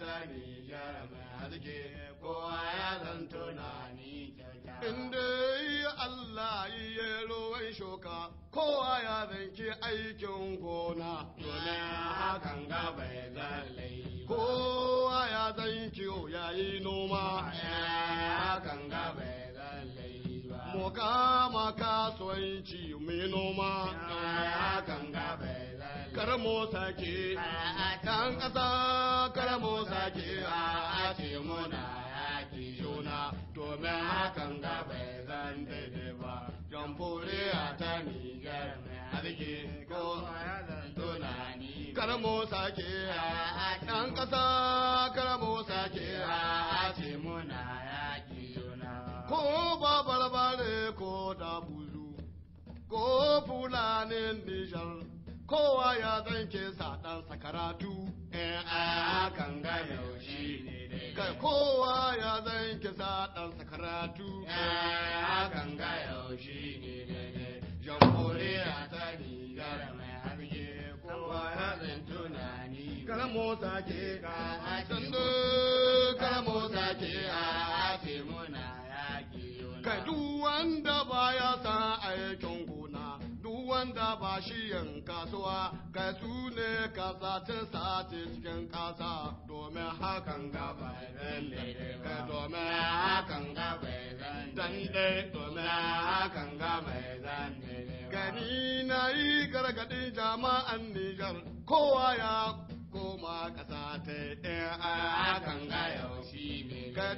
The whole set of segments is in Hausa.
ta ya jarumin haske kowa ya zan tunani kyauta. Inda yi Allah yi ya ruwan shoka kowa ya zanki aikin gona. Dole hakan ga bai zalai. Kowa ya zan kiwo ya yi noma. Hakan ga bai zalai. Mu kama kasuwanci mai noma. Hakan ga bai karamo sake a can ƙasa karamo sake a ce muna yaƙi juna domin hakan ga bai zan daidai ba jamhuri a ta nijar mai arziki ko tunani karamo sake a can ƙasa karamo sake a ce muna yaƙi juna ko ba barbare ko da buzu ko fulanin nijar kowa ya zance sa ɗan sakaratu eh, a akan ga yaushe ne kai kowa ya zance sa ɗan sakaratu eh, a akan ga yaushe ne jamhuriya ta nigar mai harge kowa ya zan tunani karamo ke ka hace mu motsa ke a hace muna yaƙi kai duk wanda baya san aikin wanda ba shi yin kasuwa kai su ne kasacin sati cikin kasa domin hakan gaba lalle kai domin hakan gaba dan domin hakan gaba gani na yi gargaɗin jama'an Nijar kowa ya koma kasa ta ɗaya hakan ga yau shi ne kai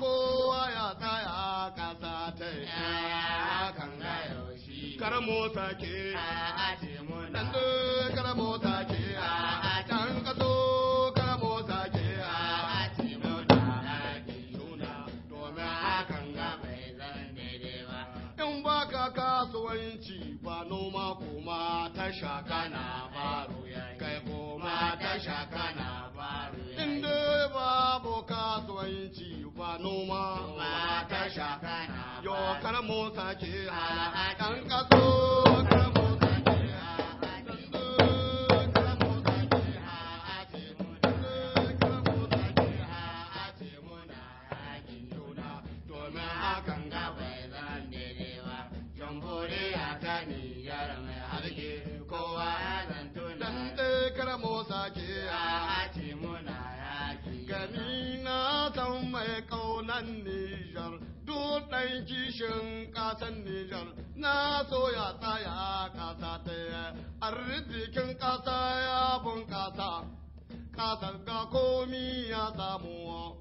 kowa ya tsaya kasa kara mota ke dan do kara mota ke dan ka kara mota ke in ba ka kasuwanci ba noma kuma ta shaka na baro kai kuma ta shaka babu kasuwanci ba noma ba ta shaka yo kar mu sake ala dan kaso kishin ƙasan Nijar na so ya tsaya ƙasa ta arzikin ƙasa ya bunƙasa, ƙasar ga komi ya samu,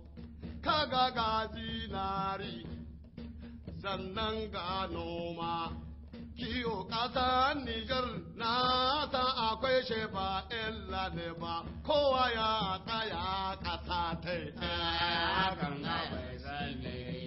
kaga ga zinari, sannan ga noma. Kiyo ƙasa Nijar na ta akwai shefa illa ne ba, kowa ya tsaya ƙasa ta yi.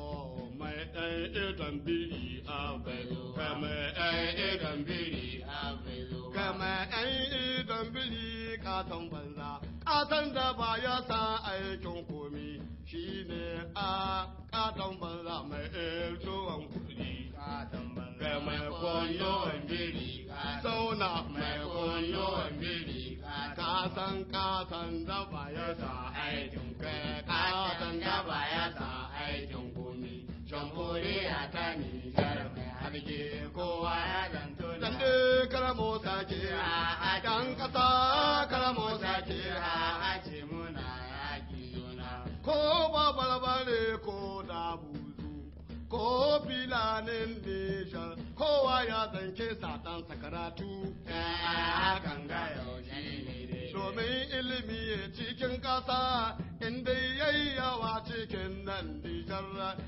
idan biri a bazo biri a bazo kama banza da ba ya sa aikin komi shine a katon banza mai kudi katon banza biri zauna mai biri ba ya sa aikin kai kasan da jamhuriya ta Nijar mai harge kowa ya zanto da dan karamo sake a dan kasa karamo sake a ce muna yaki juna ko ba barbare ko da buzu ko filanin Nijar kowa ya zanke satan sakaratu a kan ga yaushe ne domin ilimi cikin kasa, inda yawa cikin nan dijar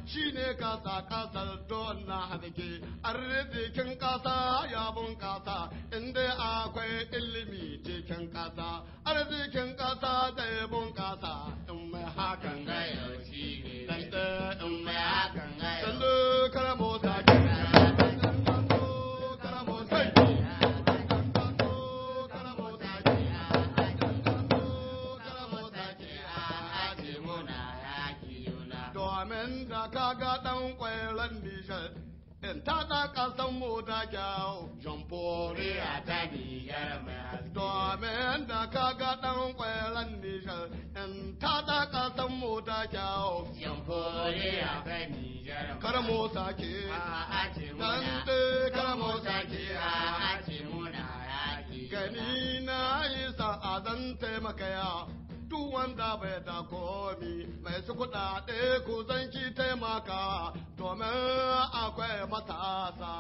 shi ne kasa ƙasar don na haske arzikin kasa ya bunƙasa inda akwai ilimi cikin kasa. arzikin ƙasa da bunƙasa in mai hakan gaya mai su kuɗaɗe ku zanki taimaka domin akwai matasa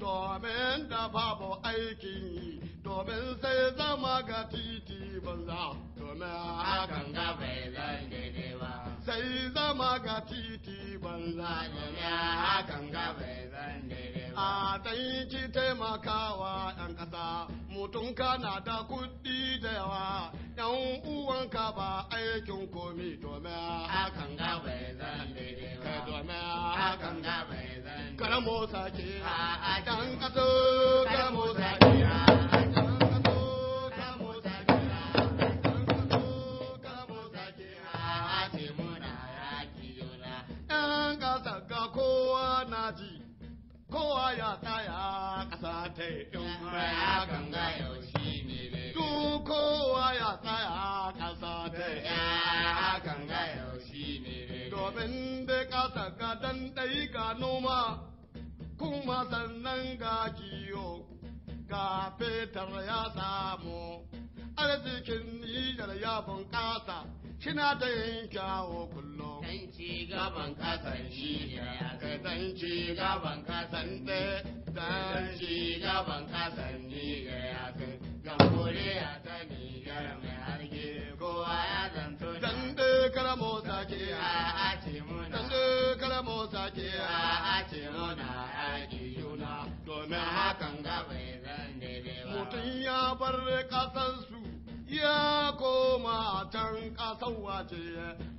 domin da babu aiki domin sai zama ga titi banza domin hakan ga zange kai zama ga titi banza ya hakan ga bai zan a dai ki taimakawa ɗan ƙasa Mutunka na da kuɗi da yawa ɗan uwanka ba aikin komi domin hakan ga bai zan daidai ba domin hakan ga bai zan karamo sake a ɗan ƙasa karamo sake a kowa na ji kowa ya tsaya ƙasa ta yi ya ganga yaushe ne duk kowa ya tsaya ƙasa ta yi ya ganga yaushe ne domin da ƙasa ka dan ɗai ga noma kuma sannan ga kiyo ga fetar ya samu arzikin nijar ya bunƙasa shina ta yin kyawo kullum. Dan ci gaban kasan shi da ya kai ci gaban kasan ɗaya, dan ci gaban kasan ni da ya gamore ya ta Nijar mai harge kowa ya to Dan de karamo sake a ce na Dan de karamo sake a ce ji yuna to Domin hakan gaba zan daidai ba. Mutum ya bar kasansu ya koma can kasan waje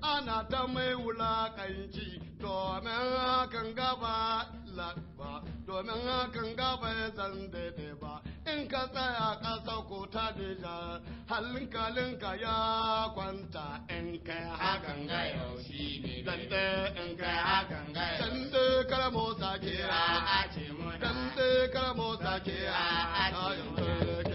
ana ta mai wulakanci domin hakan gaba ba domin hakan gaba ya zan daidai ba in ka tsaya kasa ko ta deja halinkalinka ya kwanta in kai hakan ga yaushi ne dande in kai hakan ga dande kar karamo ke a ce mu dande kar karamo ke a ce mu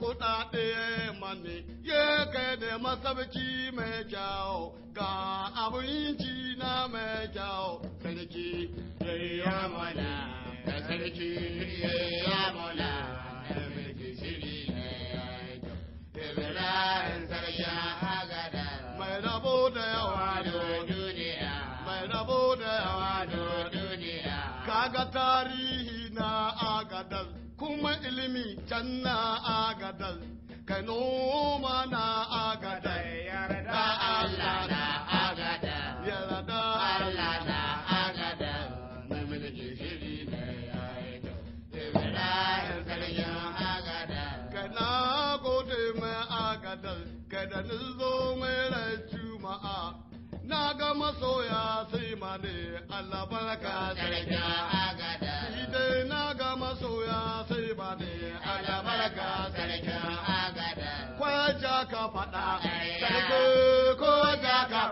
kuɗaɗe mani ya kai ne masabci mai kyau ga abinci na mai kyau sarki ya mana da ya mana ne ya yi sarki mai duniya mai duniya kaga tarihi na agadar. kuma ilimi can na agadal kai noma na agadal yarda Allah na agadal yarda Allah na agadal mai mulki shiri ne ya yi Ibrahim sarkin agadal ka na gode mai agadal ka da nizo mai rai juma'a na ga masoya sai ma ne Allah barka sarkin agadal ka faɗa, sarki ko za ka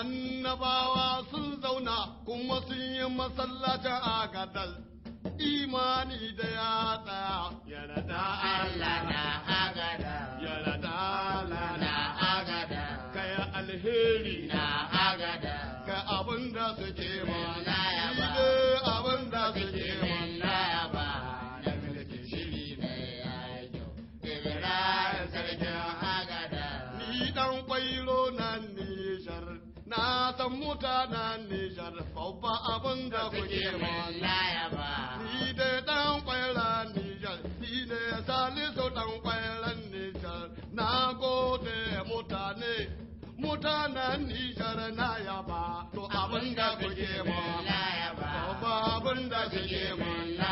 annabawa sun zauna kuma sun yi masallacin agadal imani da ya tsaya yana da Allah na agadal na san mutanen Nijar babba abin da kuke mallaya ba. Ni dai dan kwairan Nijar, ni ne salisu dan kwairan Nijar, na gode mutane, mutanen Nijar na yaba, to abin da kuke mallaya ba. Babba abin da kuke mallaya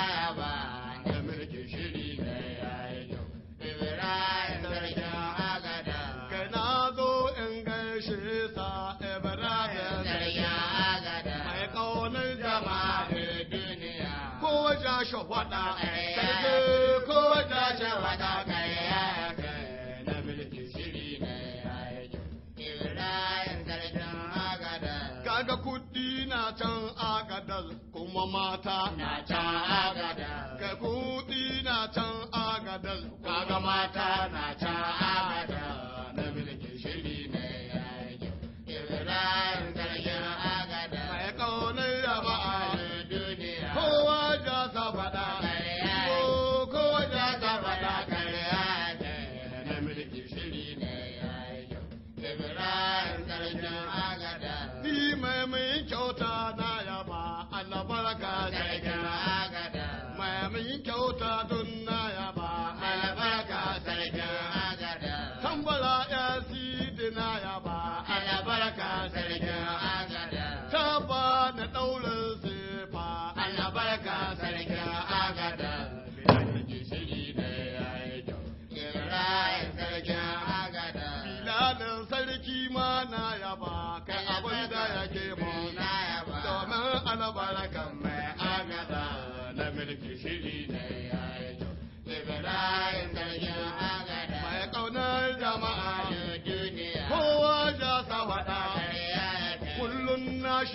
agadas kuma mata na can agadas kai kuɗi na can agadas kaga mata na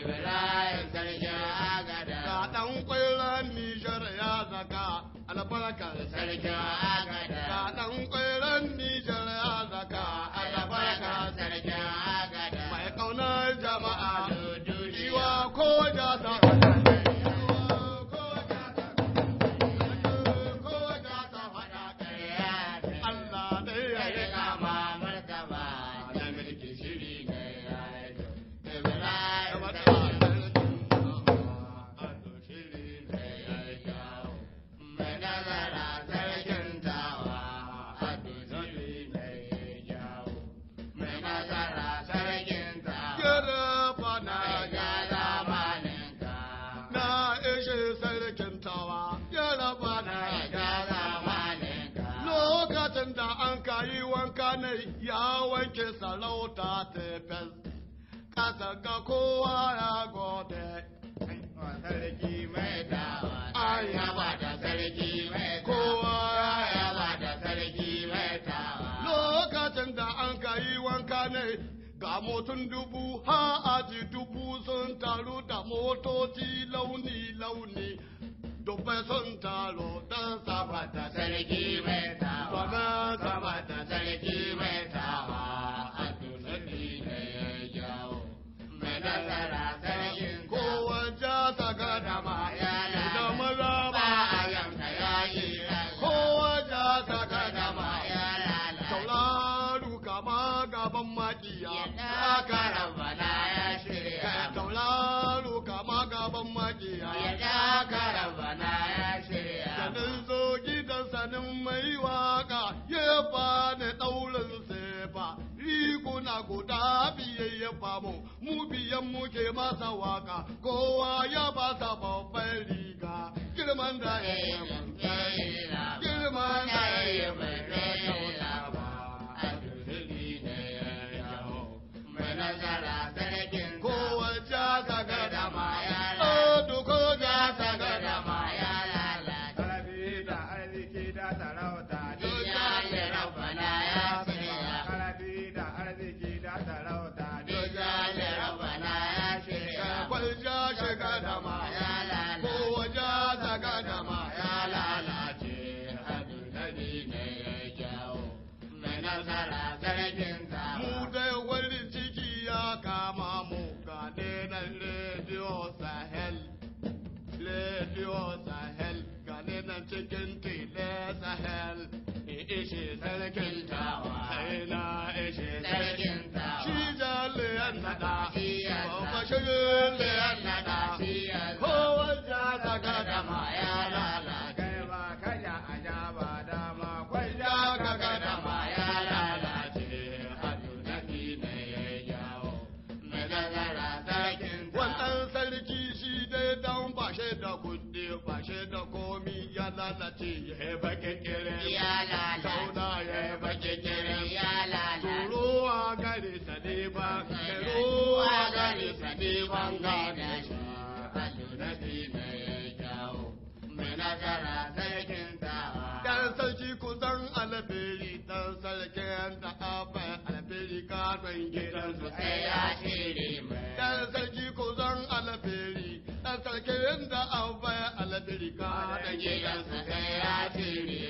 Ibrahim agada. ɗan ƙwairan Nijar ya zaka albarkar sarkin agada. Ga ɗan ƙwairan Nijar ya Ga motun dubu ha aji dubu sun taru da motoci launi-launi, dubu sun taru don sabata sarki mai tawa. Allah guda biyayyafa mu mu biyan muke masa waka kowa ya ba sa babban riga girman da ya yi girman da ya yi تجنتي لا سهل ya lalace ya yi baƙi ya lalace tauna ya yi baƙi kirin ya lalace ruwa gare ta ne ba ruwa gare ta ne ban gane shi na ya kyawo mai nazara sarkin ta dan sarki kusan alabiri dan sarkin da abai alabiri kanon gidansu sai ya shirima kalkirin da an bai aladirka da gidansa sai ya ce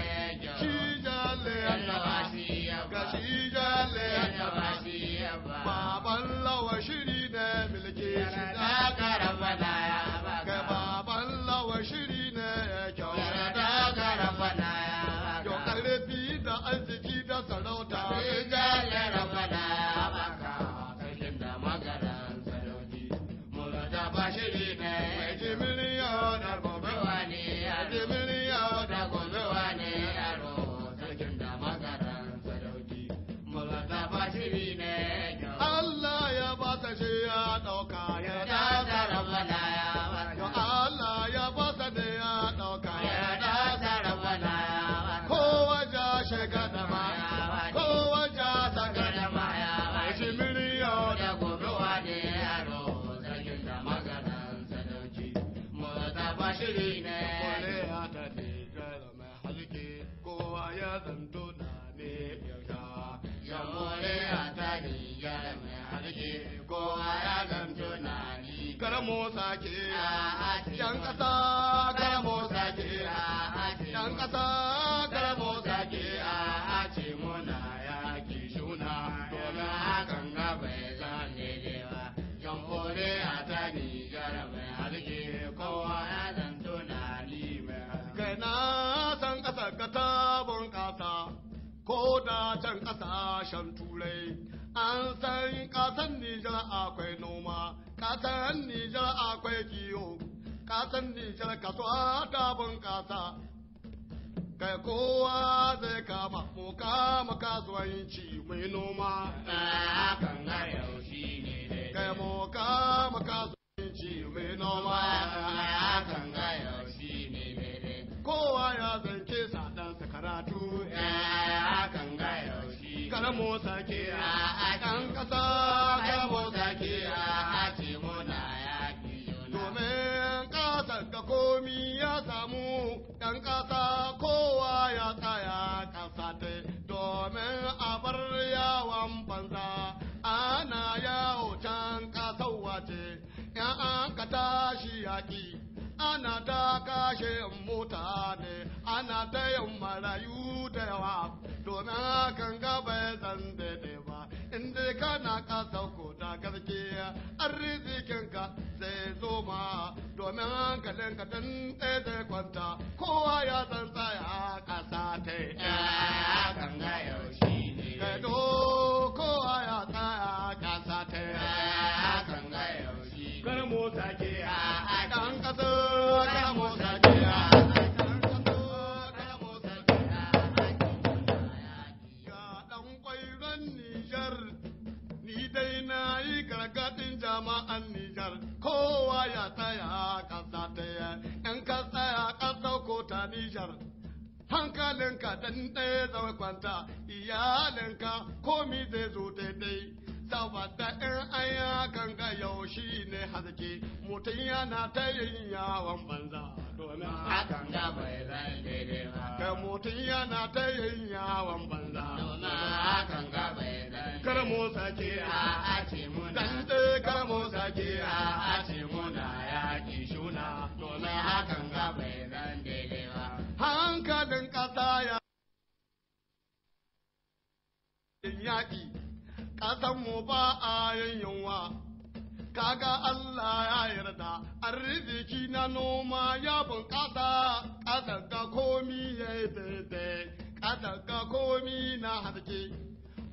kar mu yan kasa kar mu sake yan kasa kar mu sake a ce muna yaki shuna domin hakan ga bai zane dewa yan kore a ta nijar mai halke kowa ya zan tunani mai halke kai na san kasa ka tabon kasa ko da can shan turai an san kasan nijar akwai noma kasan Nijar akwai kiyo, kasan Nijar kasuwa ta kasa. kai kowa zai kama mu kama kasuwanci mai noma. Hakan na yaushi ne Kai mu kama kasuwanci mai noma. Hakan na yaushi ne Kowa ya zanke sa ɗansa karatu. Hakan na yaushi. Karamu sake. yaki ana ta kashe mutane ana ta yin marayu da yawa domin hakan gaba zan daidai ba inda kana ƙasa ko da gaskiya ka zai zo ma domin ka tun ɗaya zai kwanta kowa ya san tsaya ƙasa ta yi an Nijar kowa ya tsaya ƙasa yi in ka tsaya ƙasar ko ta Nijar hankalinka dan ɗaya zama kwanta iyalinka komi zai zo daidai saboda in aya kan ga yau ne haske mutum yana ta yin yawon banza. domin hakan ga bai zan daidai ba. Ka mutum yana ta yin yawon banza domin hakan ga bai zan Kar mu sake a ace na. Dan ce kar mu sake a ace ya ki shuna domin hakan ga bai zan daidai ba. Hankalin ƙasa ya. Yaƙi, ƙasanmu ba a yin yunwa. kaga Allah ya yarda arziki na noma ya bunƙasa ƙasar ga komi ya yi daidai ƙasar ga komi na harke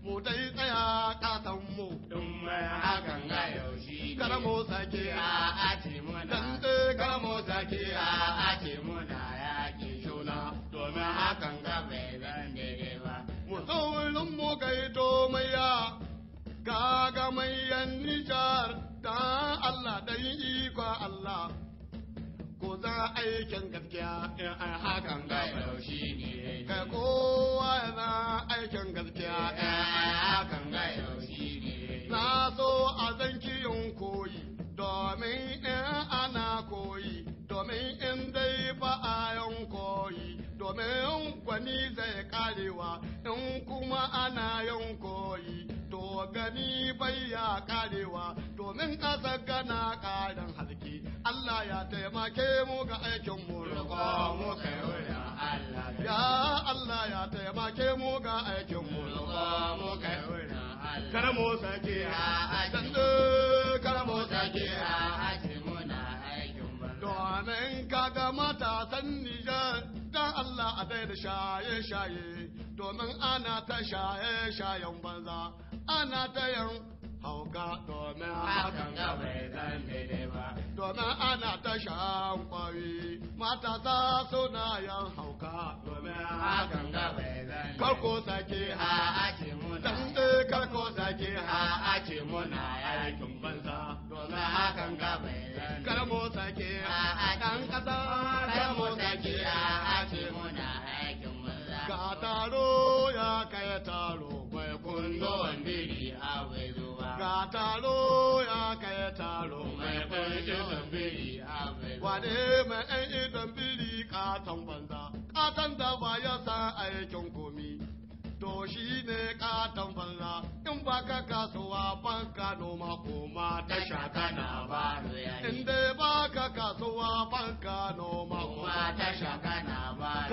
mu dai tsaya ƙasan mu in mai hakan ga yaushi karamo sake a ace muna dan ce karamo sake a ace muna yaƙi shuna domin hakan ga bai zan daidai ba mu saurin mu gaido mai ya gaga mai yan nijar Allah da yi iko Allah ko za aikin gaskiya in ai hakan ga yau shi ne kai kowa na aikin gaskiya in ai hakan wani zai karewa in kuma ana yin koyi to gani bai ya karewa domin ƙasar gana ƙarin halki Allah ya taimake mu ga aikin mu roƙo mu kai wurin Allah ya Allah ya taimake mu ga aikin mu roƙo mu kai wuri Allah sake a da shaye-shaye domin ana ta shaye-shayen banza ana ta yin hauka domin hakan ga bai zan daidai ba domin ana ta shan kwari su suna yin hauka domin hakan ga bai zan karko sake ha ake muna dan karko sake ha ake muna yakin banza domin hakan ga bai zan karko sake ha dan kasa karko sake ha taro ya kai taro bai kundo biri a bai zuba ga taro ya kai taro mai kundo biri a bai wade mai ɗan idan biri katon banza katon da ba ya san aikin komi to shi ne katon banza in ba ka kasuwa ban ka noma kuma ta shaka na ba in ba ka kasuwa ban ka noma kuma ta shaka na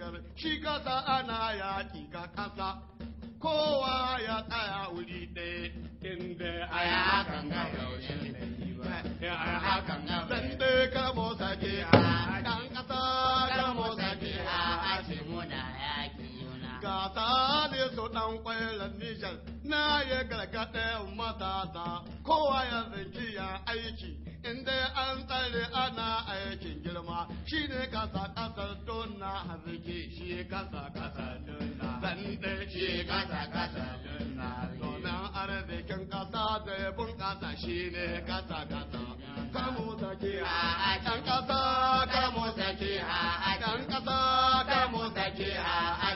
shigar shi kasa ana yaƙi ka kasa kowa ya tsaya wuri ɗaya inda a yi hakan ga yaushe ne ba ya hakan ga zan ka motsa ke su ɗan kwayar Nijar, na ya gargaɗe matata, kowa ya zanki ya aiki, inda an tsare ana aikin girma, shi ne kasa ƙasar tona haziki, shi kasa ƙasar tona. Zan shi kasa ƙasar tona. Domin arzikin kasa ƙasa zai bunƙasa shi ne kasa kasa Kamu zaki a ɗan ƙasa, kamu zaki a ɗan ƙasa, kamu zaki a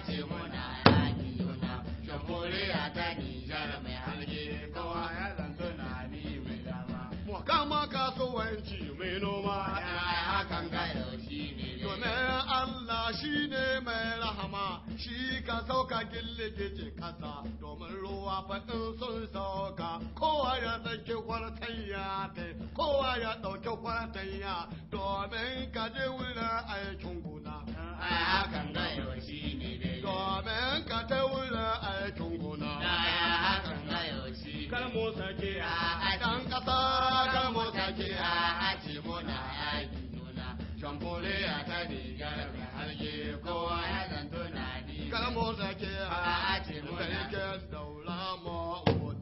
mai noma ya shi ne domin Allah shi ne mai rahama shi ka sauka gilligije kasa domin ruwa faɗin sun sauka kowa ya tsaki kwartan ya kai kowa ya ɗauki kwartan ya domin ka je wurin aikin gona ya shi ne domin ka ta wurin aikin gona ya kar mu sake kabaran mota ke a haci muna aiki nuna shamfure a ta rigar da halge kowa ya zantuna ni kan mota ke a haci muna ke daula